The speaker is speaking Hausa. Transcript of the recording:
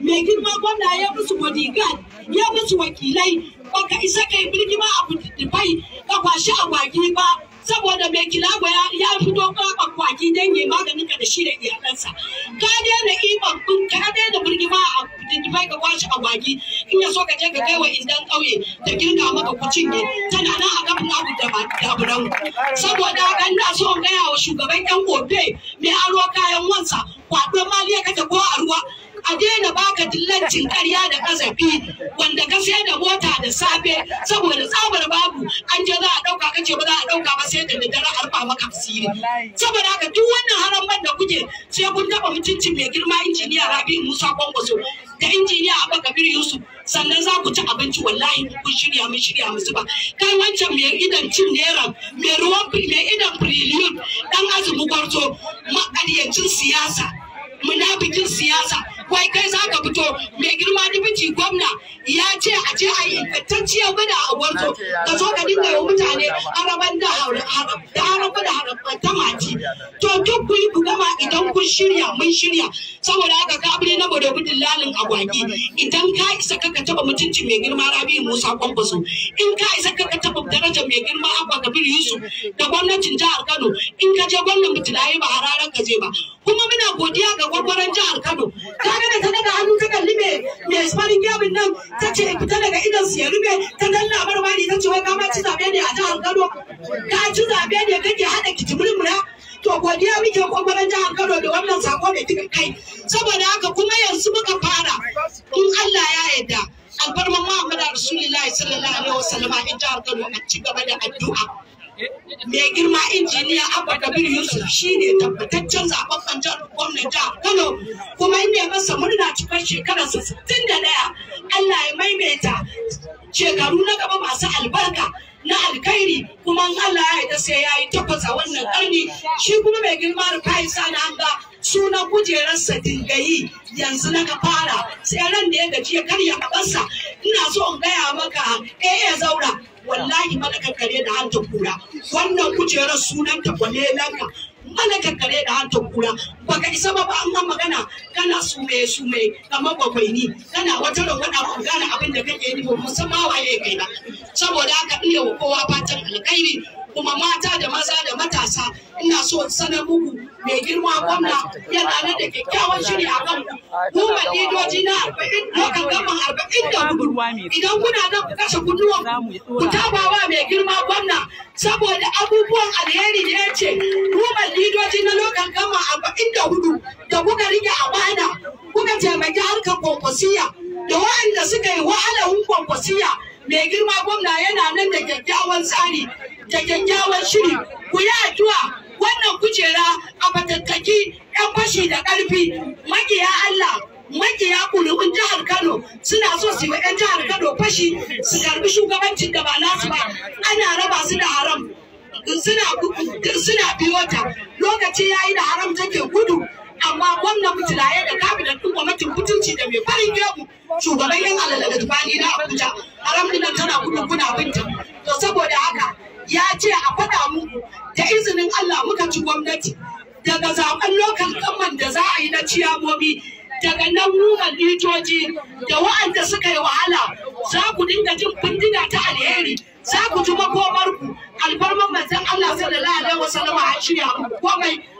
mai girma gwamna ya musu bodyguard ya musu wakilai baka isa kai birni ba a fitiffai ka kwashi a ba saboda mai kilaba ya fito kwakwa kwaki don yi maganin ka da shi da iyalansa ka daina iman kun ka daina birgima a dindifai ka kwashi a in ya so ka je ka kai wa indan ƙauye ta girka maka kucin ne tana nan a kafin abu da saboda haka ina so in gaya wa shugaban yan gobe mai aro kayan wansa kwaɗon maliya kake ko a ruwa a daina baka dillancin ƙarya da kasafi wanda ka sai da mota da safe saboda tsabar babu an je za a ɗauka kace ba za a ɗauka ba sai da daddare harfa maka asiri saboda haka duk wannan haramban da kuke sai kun taɓa mutuncin mai girma injiniya Rabi Musa Kwankwaso da injiniya Abba Kabir Yusuf sannan za ku ci abinci wallahi kun shirya mun shirya musu ba kai wancan mai idan cin naira mai ruwan mai idan brilliant dan azumi kwarto maƙaryancin siyasa munafikin siyasa wai kai zaka fito mai girma dubiti gwamna ya ce a ce a yi ingantacciyar gada a gwarzo ka zo ka dinga yi mutane araban da haram da haraba da haraban ta mati to duk ku yi gama idan kun shirya mun shirya saboda haka ka ne na bude bidin lalin agwagi idan ka isa ka taba mutunci mai girma rabi musa kwamfaso in ka isa ka taba darajar mai girma su da gwamnatin jihar Kano in ka je gwamnan mutulaye ba hararan ka je ba kuma muna godiya ga gwagwaran jihar Kano ta ga da ta da hannu ta kalli me me sparin nan ta ce fita daga idan su ya rufe ta danna barbari ta ce wai kama ci zabe ne a jihar Kano ka ci zabe ne kake hada mura? to godiya muke gwagwaran jihar Kano da wannan sako mai tuka kai saboda haka kuma yanzu muka fara in Allah ya yarda alfarman Muhammad Rasulullahi sallallahu alaihi wasallam in jihar Kano a ci gaba da addu'a mai girma injiniya abba kabir yusuf shine tabbataccen zababben gwamnan jihar kano kuma ne masa murna cikar shekarar sittin da daya allah ya maimaita shekaru na gaba masu albarka na alkhairi kuma allah ya yarda sai ya yi takwas a wannan karni shi kuma mai girma rufai sa na hanga suna kujerarsa dingayi yanzu na ka fara sai ran da ya gaji ya karya kabarsa ina so in gaya maka eh ya zaura wallahi malaka kare da hanta kura wannan kujerar sunan kwale laka malaka kare da hanta kura baka isa ba an magana kana su mai kamar bakwai ni kana wata rawada ku gane abin da kake yi ba musamman waye kai ba saboda haka iya kowa fatan alkhairi kuma mata da maza da matasa ina so sanar muku mai girma gwamna yana nan da kyakkyawan shiri a kan ku mu ledoji na arba'in lokacin gaban arba'in da hudu idan kuna nan ku kashe kunnuwan ku tabawa mai girma gwamna saboda abubuwan alheri da ya ce kuma Lidoji na lokacin gaban arba'in da hudu da kuka rike amana kuka taimaki harkar kwankwasiya da wa'anda suka yi wahalar kwankwasiya mai girma gwamna yana nan da kyakkyawan tsari da kyakkyawan shiri ku yi addu'a wannan kujera a matattaki yan fashi da ƙarfi makiya Allah makiya kuriun jihar Kano suna so su yi yan jihar Kano fashi su karbi shugabancin da ba nasu ba ana raba su da haram suna biyo ta lokaci yayi da haram take gudu amma gwamna mutilaye da kabinan ɗin gwamnatin mutunci da mai farin gebu shugaban yan alalaga tufani na Abuja haram dinan tana gudu kuna binta ya ce a faɗa mu da izinin Allah muka ci gwamnati daga zaben lokal kamman da za a yi na ciyamomi daga nan wunan litoji da wa'anda suka yi wahala za ku dinga jin bindiga ta alheri za ku ji makomarku alfarman manzon Allah sallallahu alaihi wasallam a shirya komai